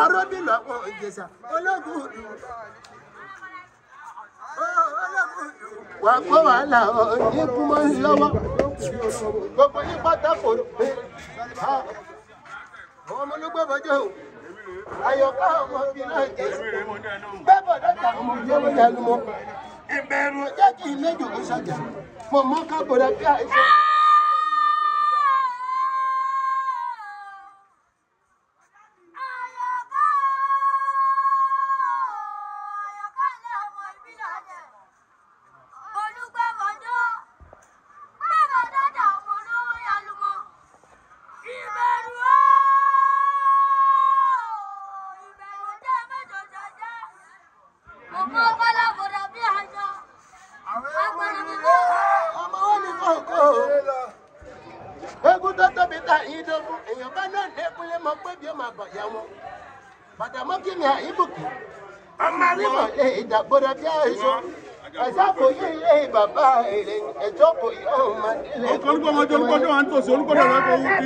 arọ́bìnà ọ̀pọ̀ ìjẹsà ológun ìlú wà kó wàhálà ọ̀yẹ́ kú mọ́ ní lọ́wọ́ gbogbo yín pátá fòrò pé àwọn ọmọ ológun ọjọ́ o àyọ̀ká ọmọ bíi náà jẹ bẹ́ẹ̀ bọ̀ dọ́tà ọmọ ìjọba ọmọ ìyá ló mọ́ ìbẹ̀rù ọjà kì í méjì kó sọjà ká bọ̀dọ̀ bí àìsàn. èrè ẹjọ́kọ̀ yóò máa ń tòsí olúkọ náà fún ẹ̀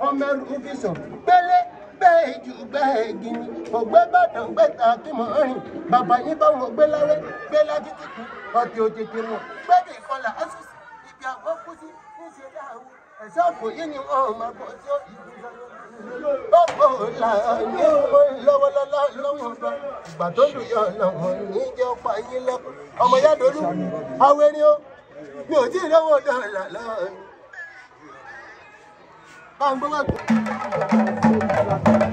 ọmọ ẹrù kìsọ̀ pẹ́lẹ́ gbẹ́ ìjù gbẹ́ igi ni mo gbé bàdàn gbé ta kí mo rìn bàbá yín bá wọn gbé láwé gbé lákìtìkì ọ̀tẹ̀ òtètè mọ̀ gbẹ́dẹ̀ ìkọlà ásùsì ibi àwọn kú sí níṣẹ́ dáhùn ẹ̀sẹ̀ àpò yìí ni wọn ò máa bọ̀ sí òyìnbó bọ́pọ̀ là ní lọ́wọ́lọ́lọ́ lọ́wọ́ bá ìgbà tó lù yọ lọ́wọ́ ní jẹ́ ọ̀pá yín lẹ́kọ̀ọ́ ọmọ yá dolú awẹ́rẹ́ o mi ò tí ì lọ́wọ́ dọ̀là lọ́ọ̀ni. Bang, bang, bang.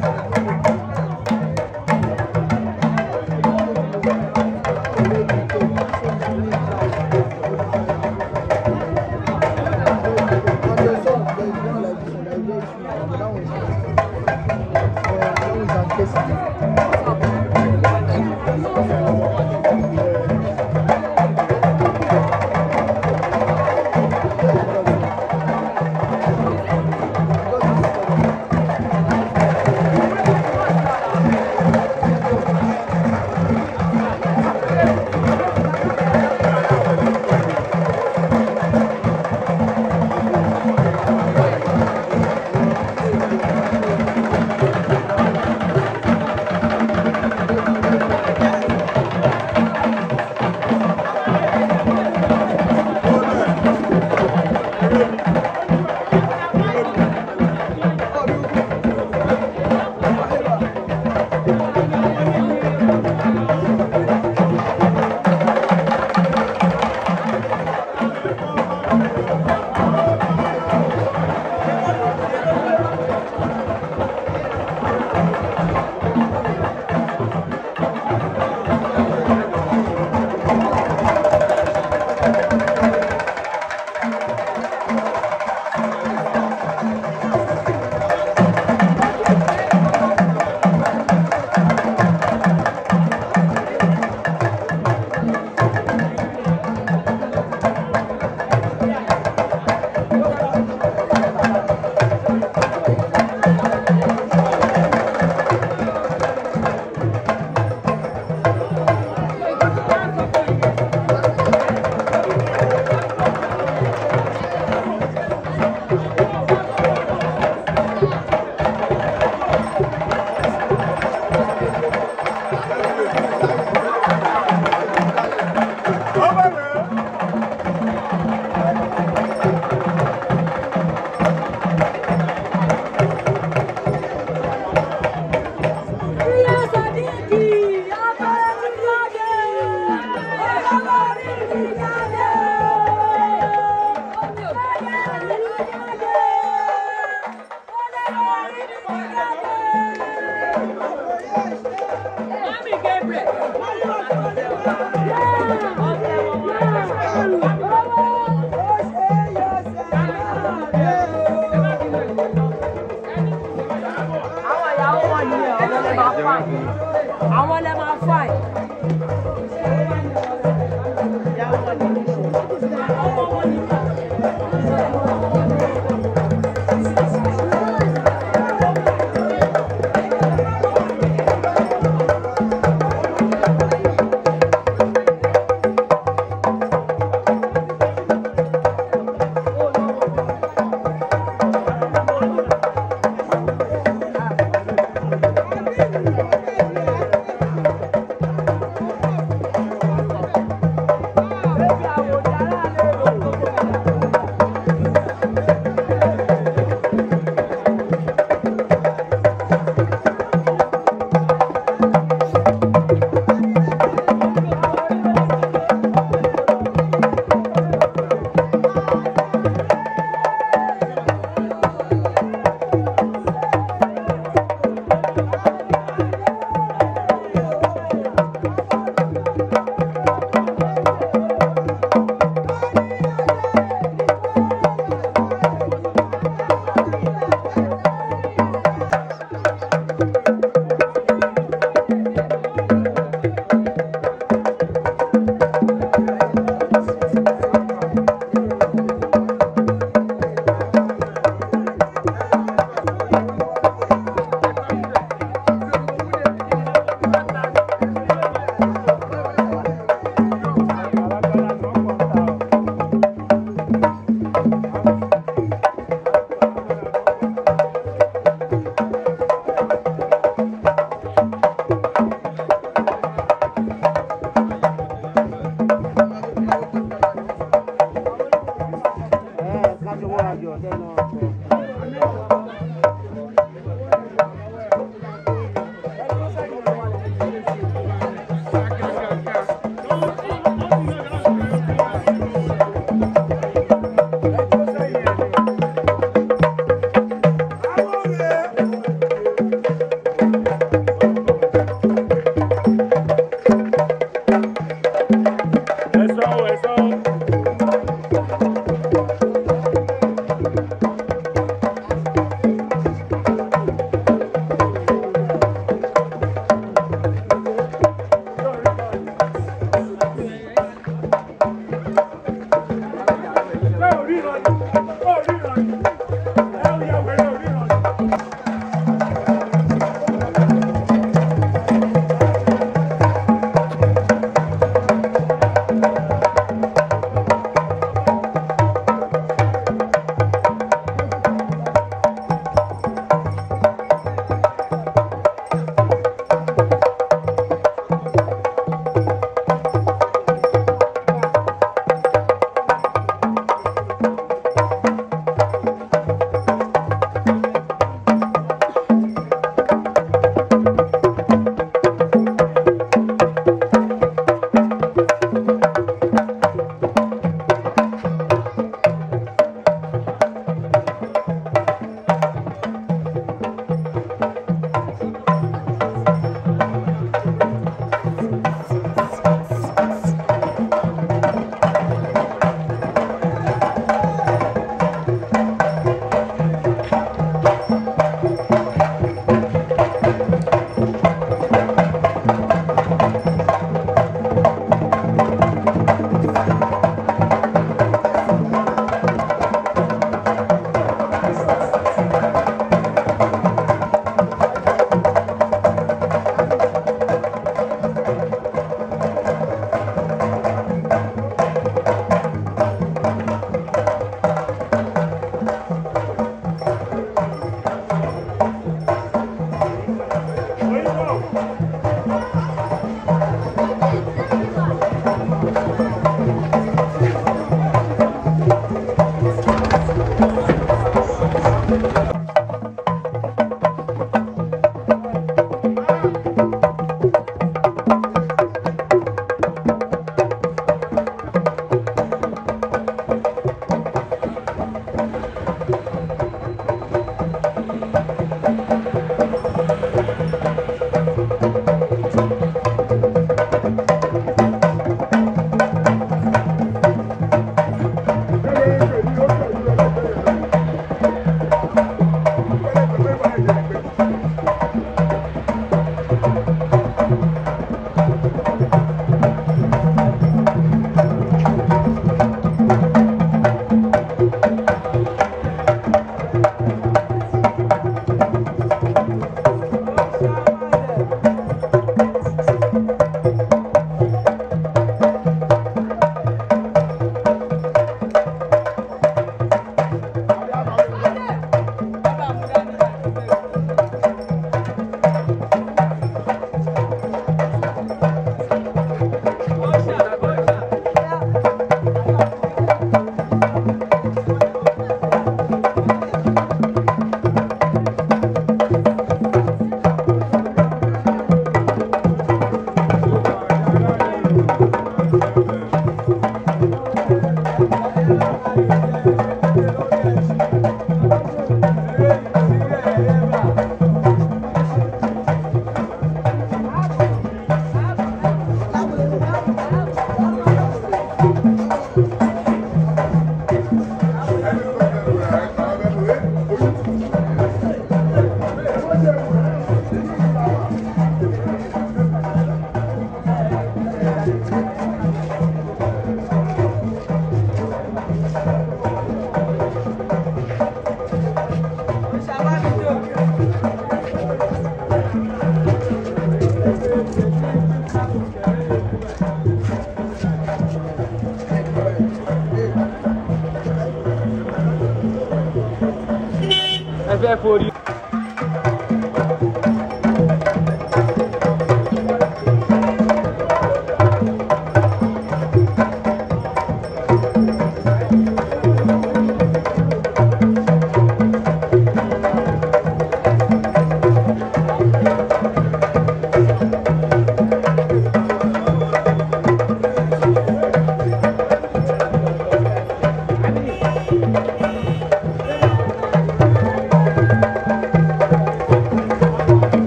always on.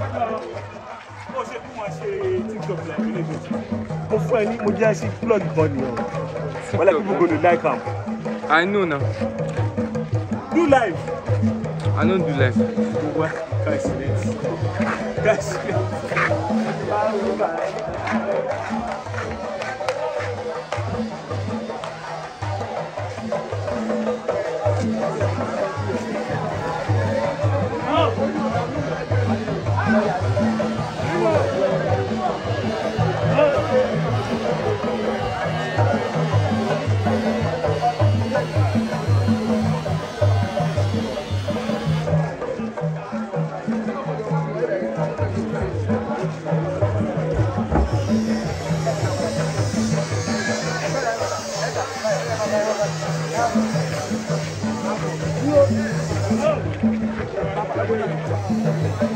mo ṣe fún wọn ẹ ní mo jẹ́ sí plug bọ́ọ̀lù yẹn o wọ́n lẹ́ people go dey like am. i know na. do live. i no do live. wa guys let's guys let's. Thank you.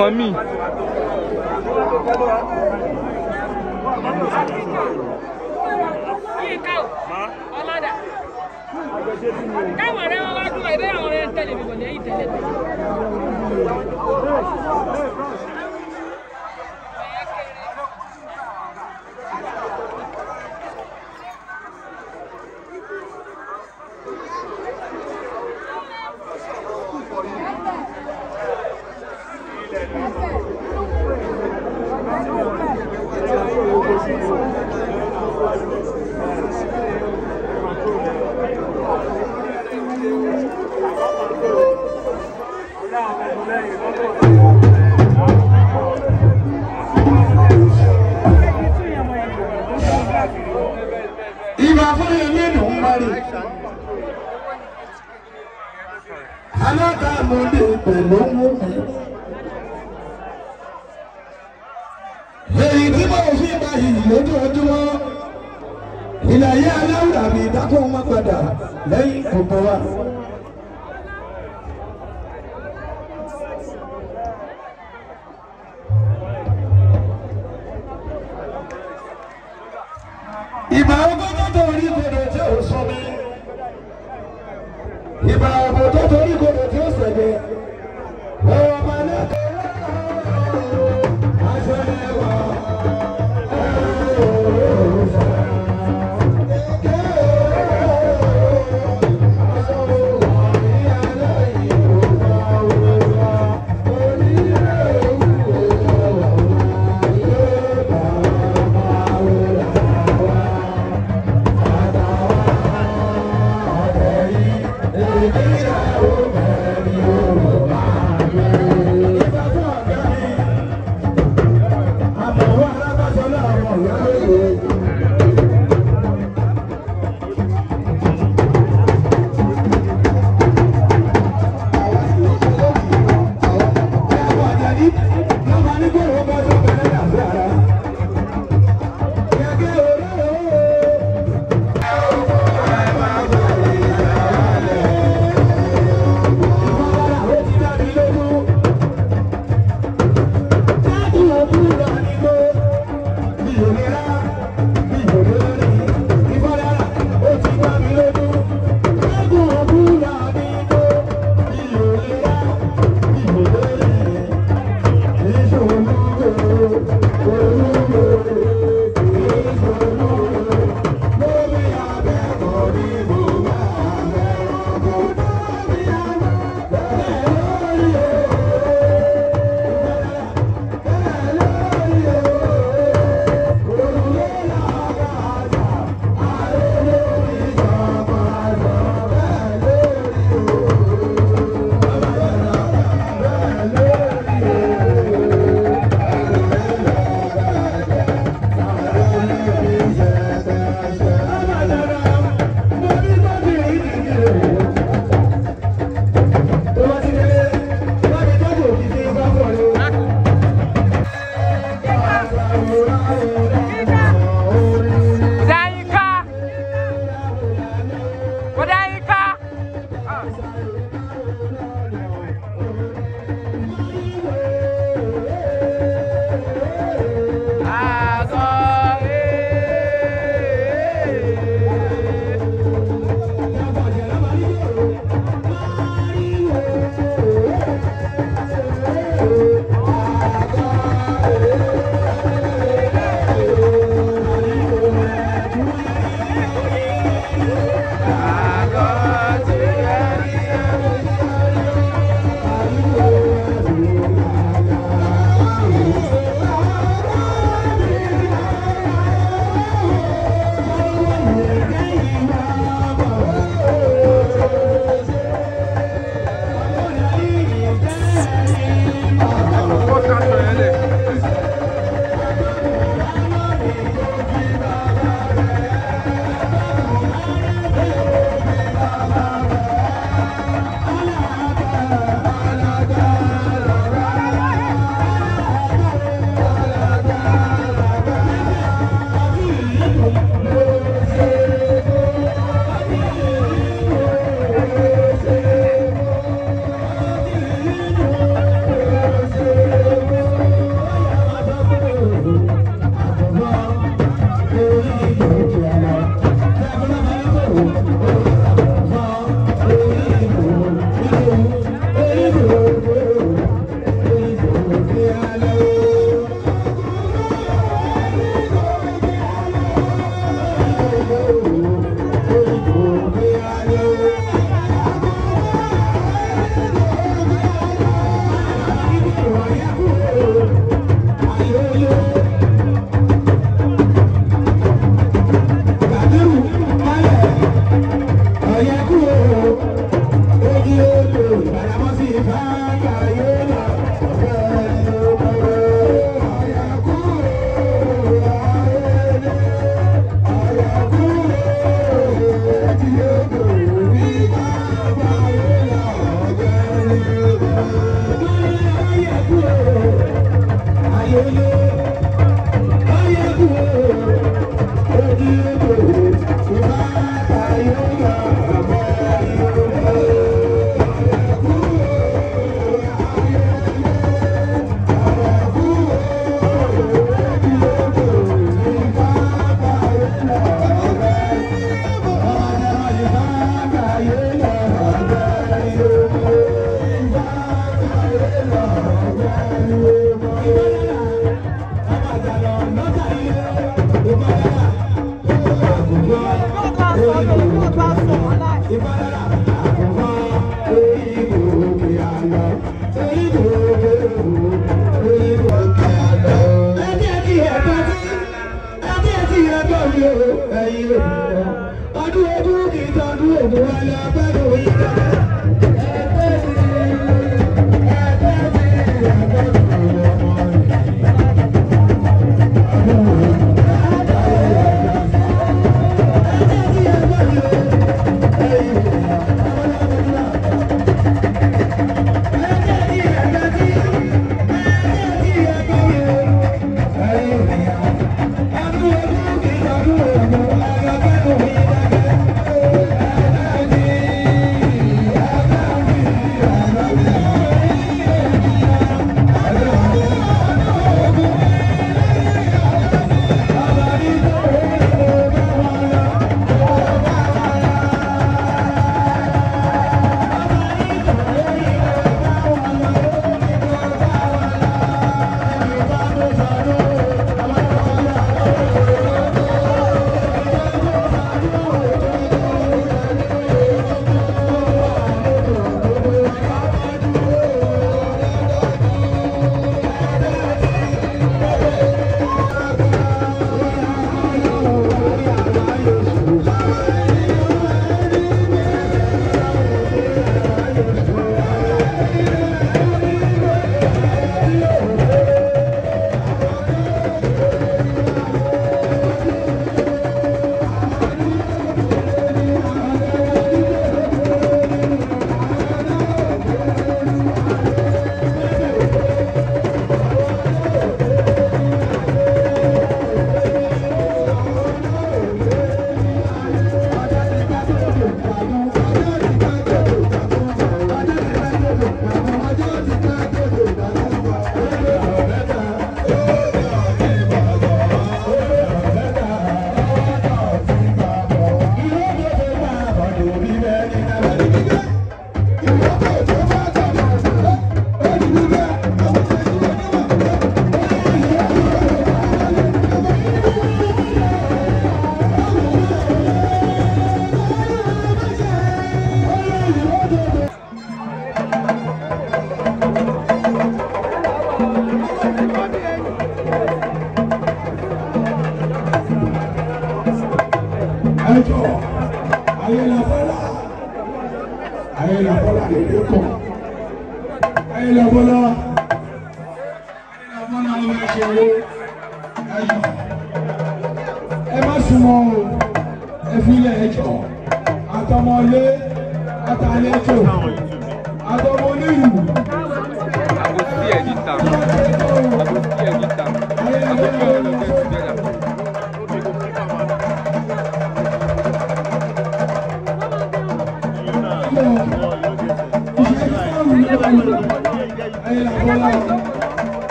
nǹkan míì. káwọn ọ̀rẹ́ wọn wá dúró ẹgbẹ́ àwọn ọ̀rẹ́ ń tẹ̀lé mi kò ní ẹ̀yìn tẹ̀lé mi.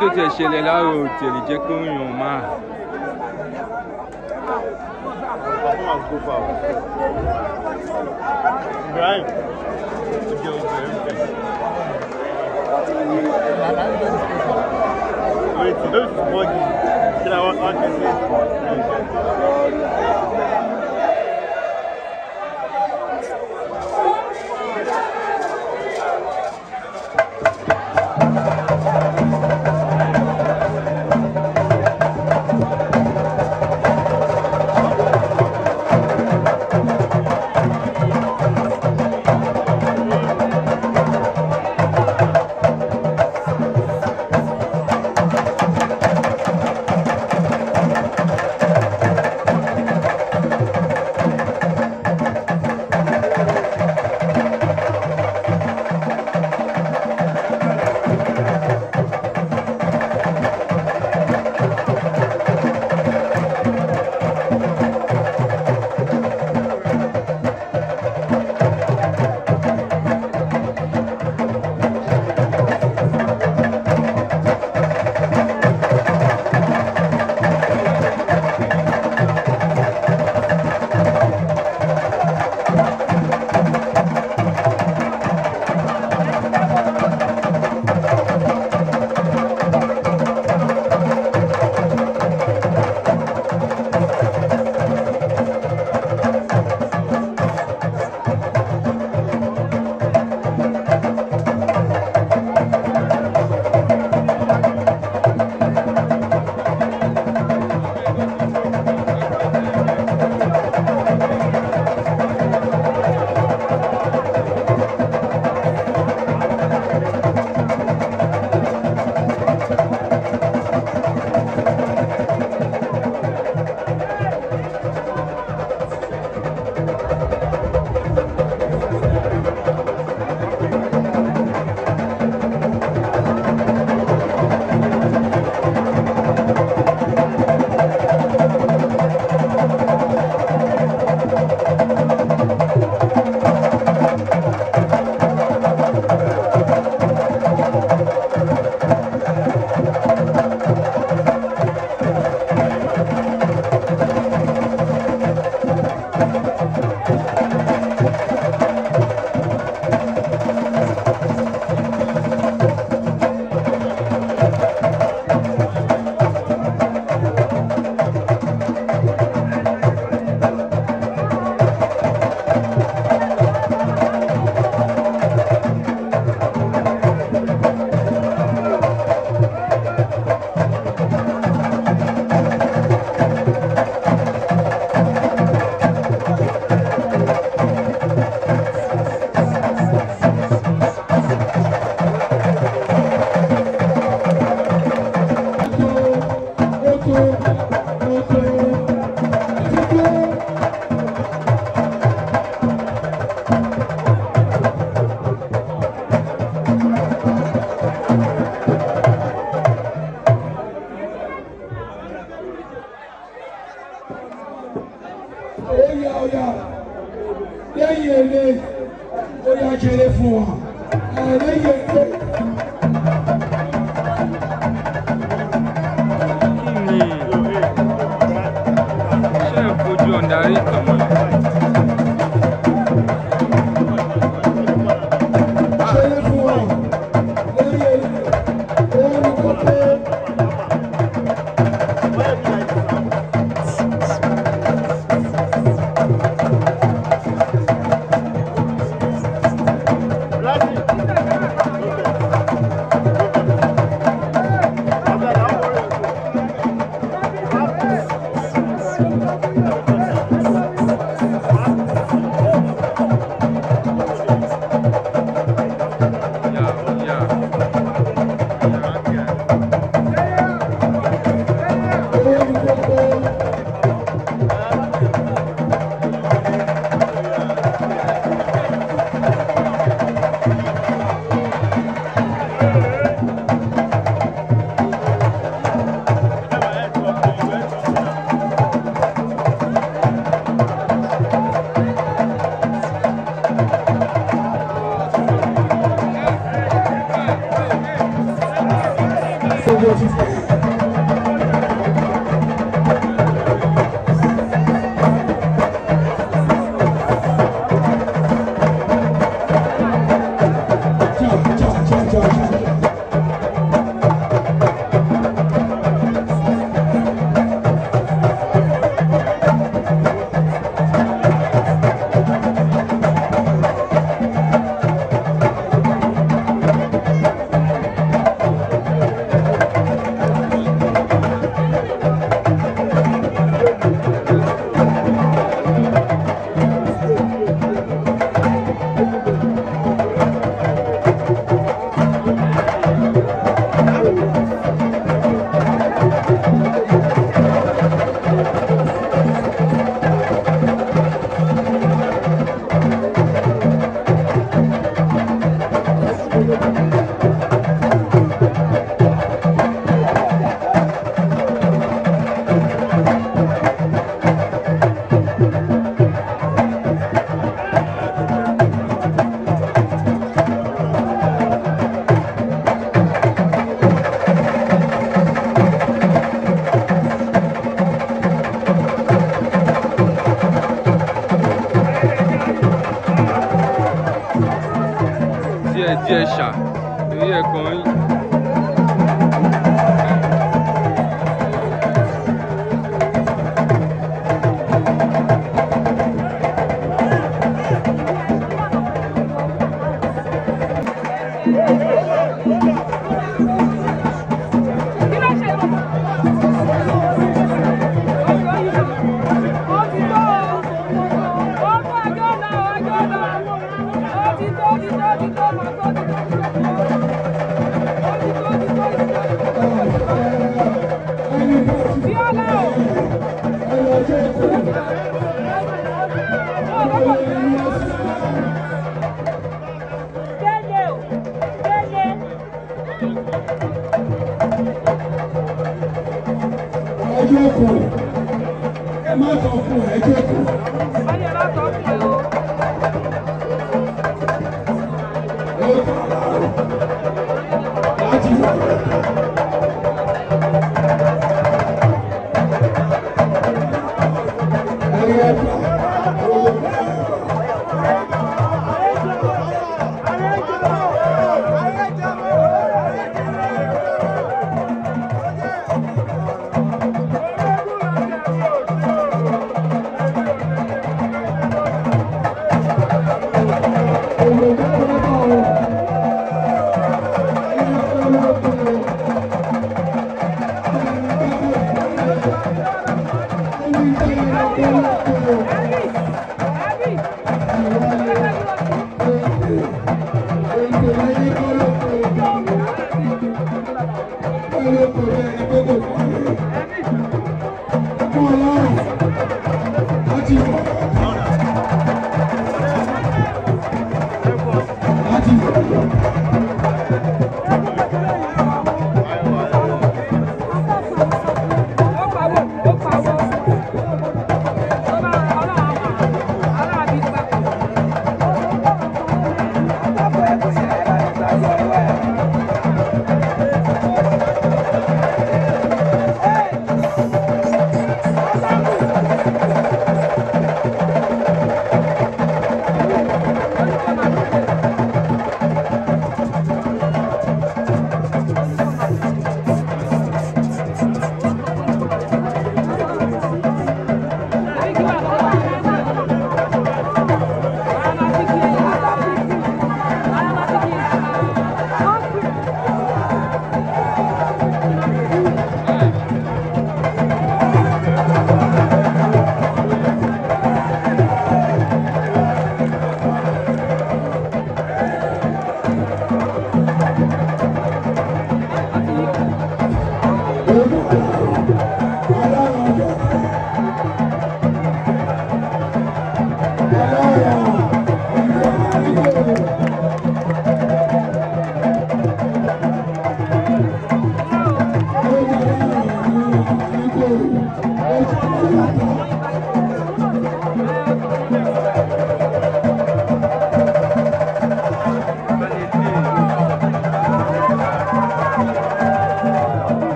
tó tiẹ̀ ṣẹlẹ̀ láàárọ̀ òtẹ̀lì jẹ́ kó ń yàn.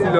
ছিল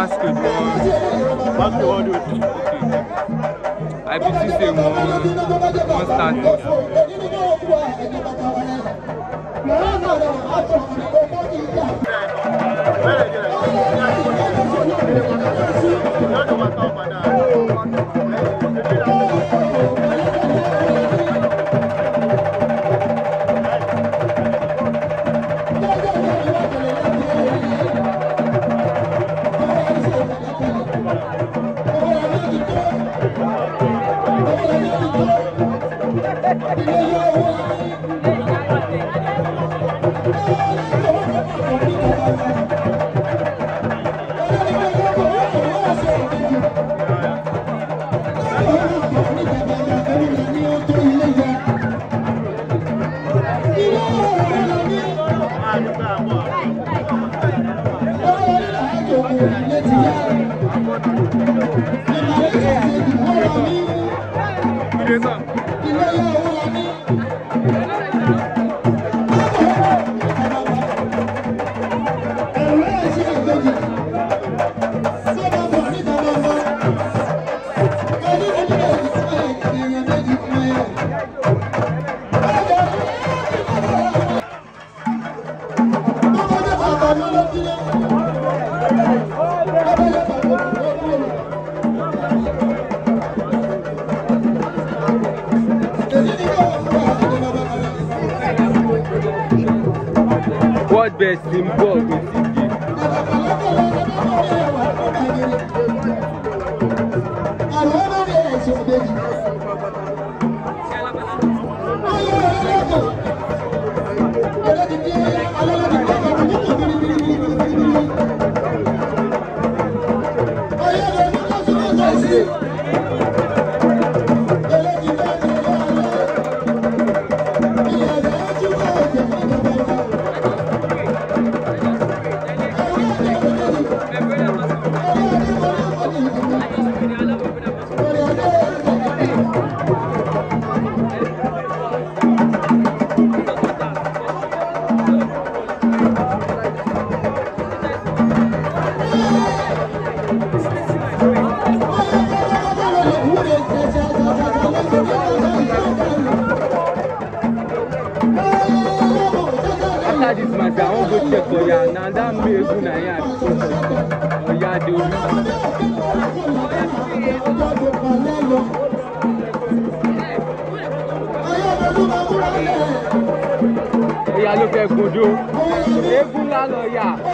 basketball. Basketball do it. Okay. I believe say one one start Yeah.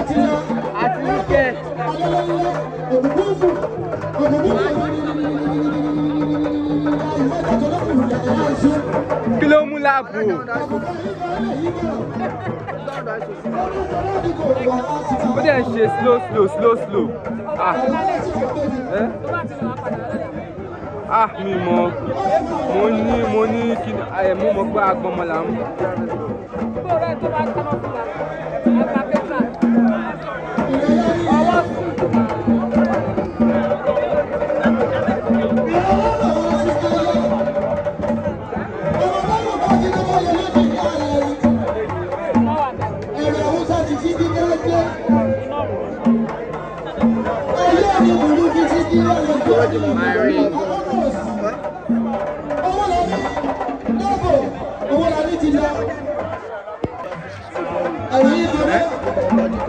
àti àti ike. kí slow slow slow slow. ah eh? ah mi mo Money, money. I am ẹ mú mọ pé agbọmọlà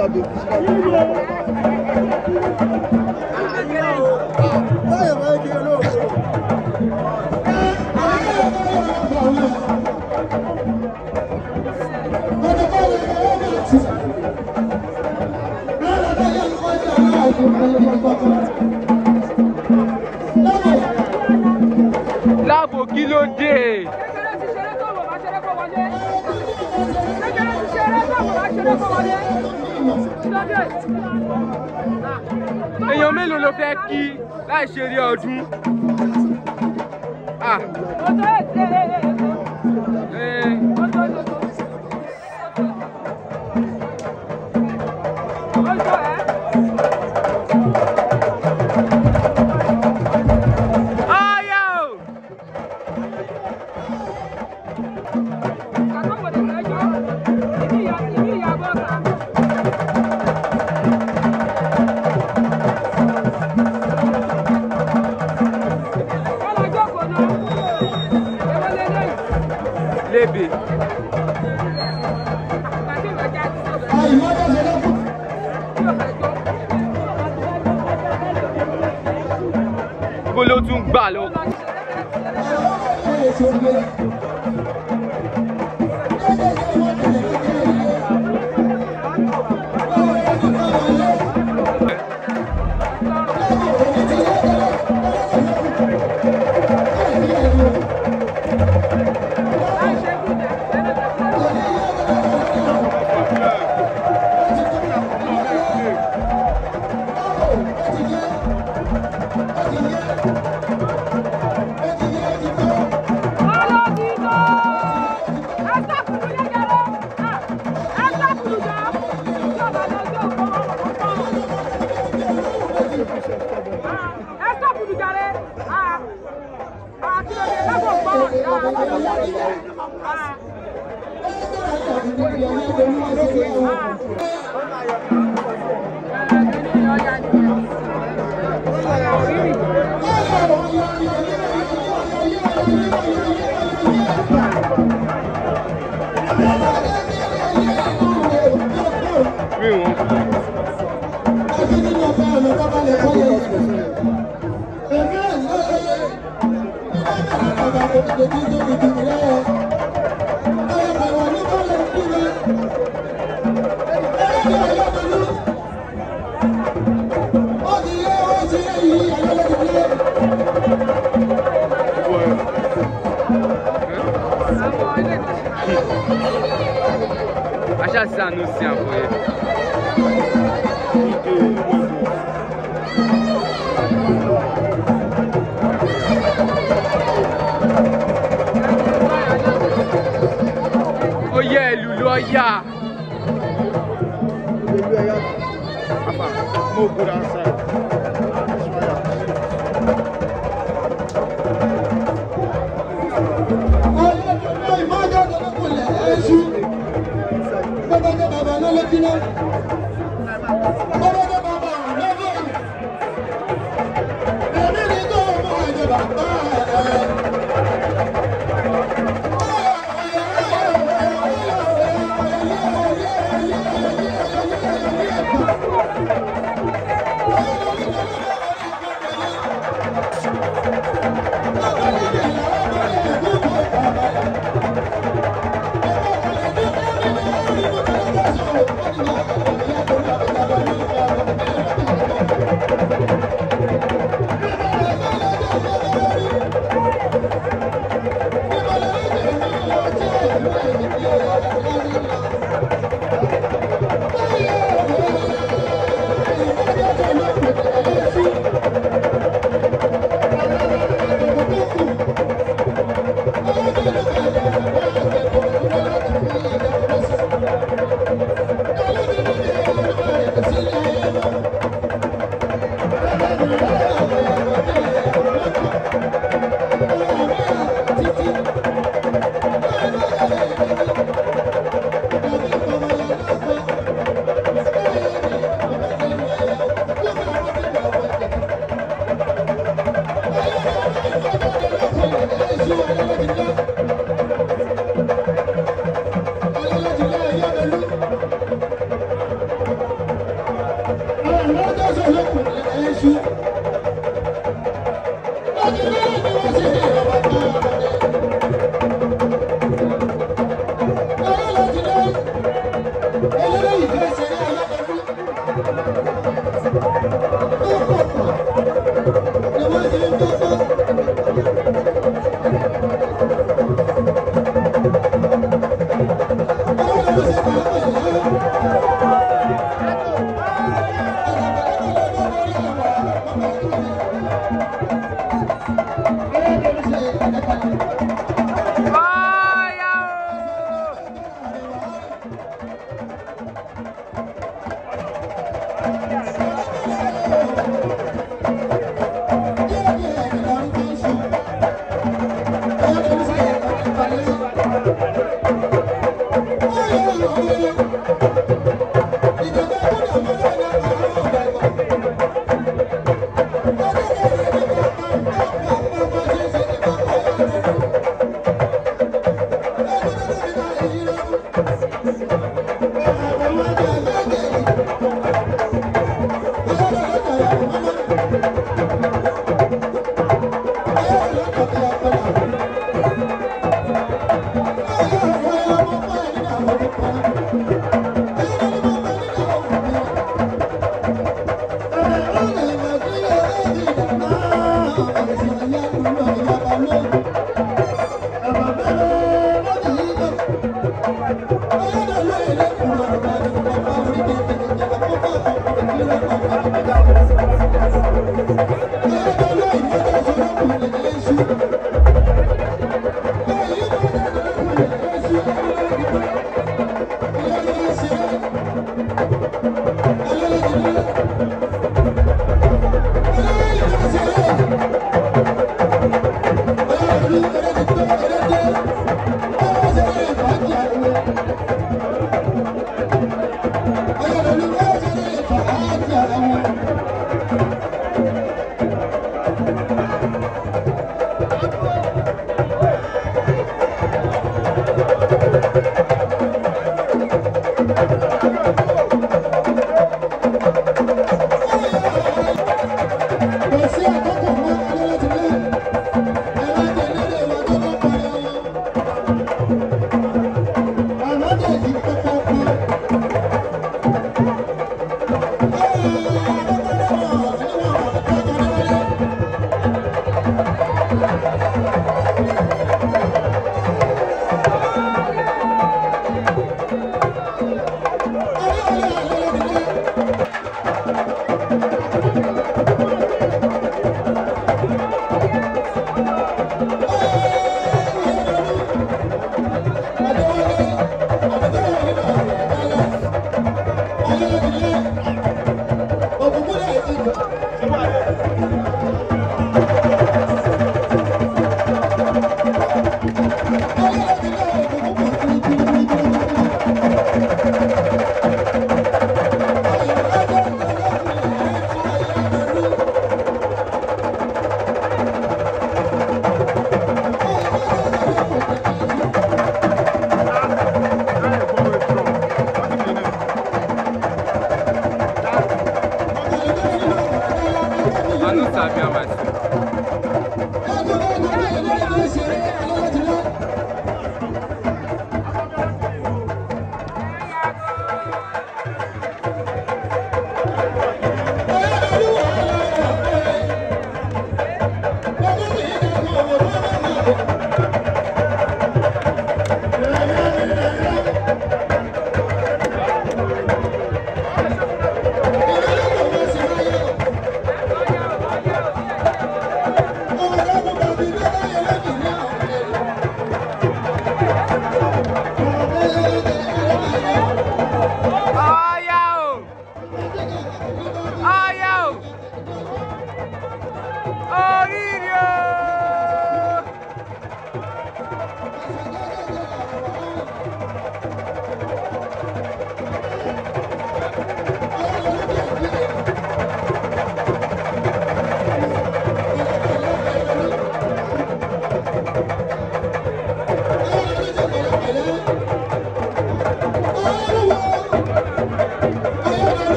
Thank you. láì ṣeré ọdún. Ah. siempre.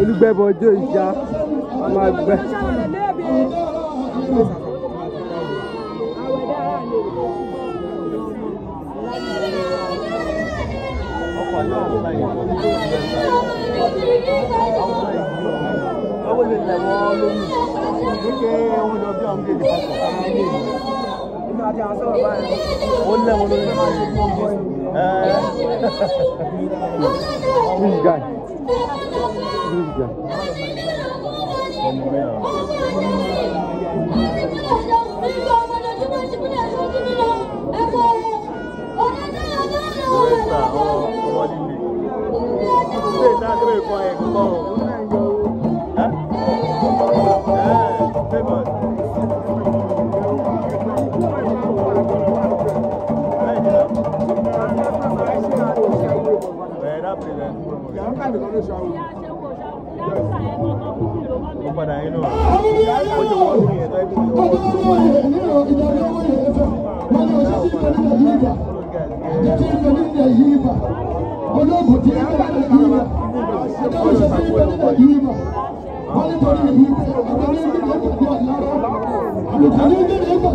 olùgbẹ́bọ̀ ìjà a máa Àwọn ilé ìlẹ̀ wọ́n lóyún. ohun lọ bí àwọn ilé ìdìbò kan. Àwọn ilé ìlẹ̀ ó lẹ́wọ̀n lórí ẹ̀. This guy àlàáfíà. Ọmọ líle. Ṣé ìdádúró ìkọ́ ẹ̀kọ́?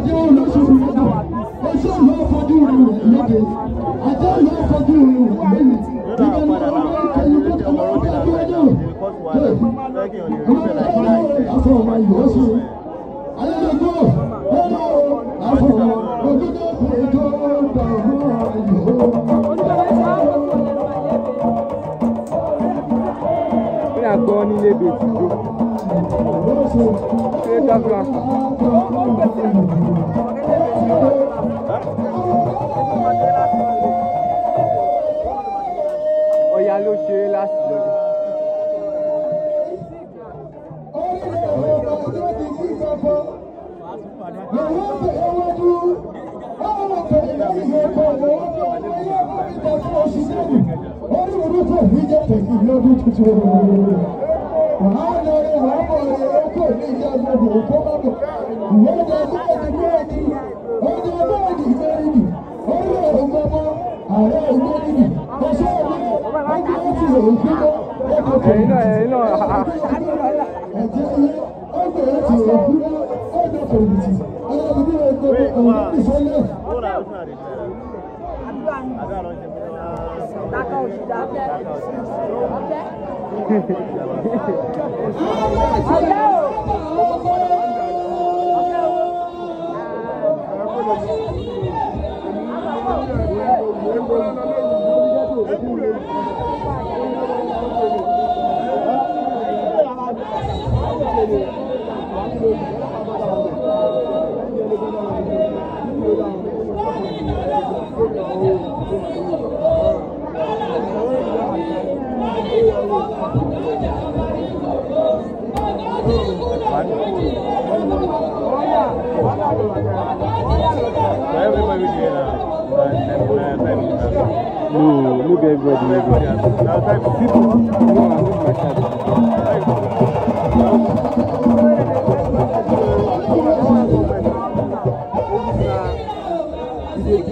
Hallelujah.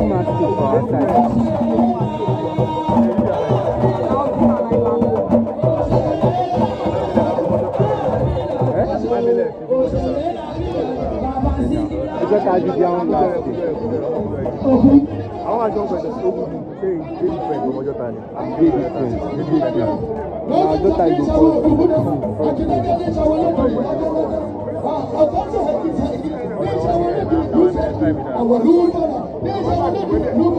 come and sit for outside. Just as you down last day. Àwọn àjọ ọ̀gbẹ̀dẹ̀ tó wù mí pé ìdílé ìfẹ́ ìgbọ̀mọ́jọ́ ta ni. Ìdílé ìfẹ́ ìdílé ìfẹ́ àjọ ta ìlú kọ́ ìdílé ìfẹ́. Àwọn ọ̀gbẹ̀dẹ̀ Não,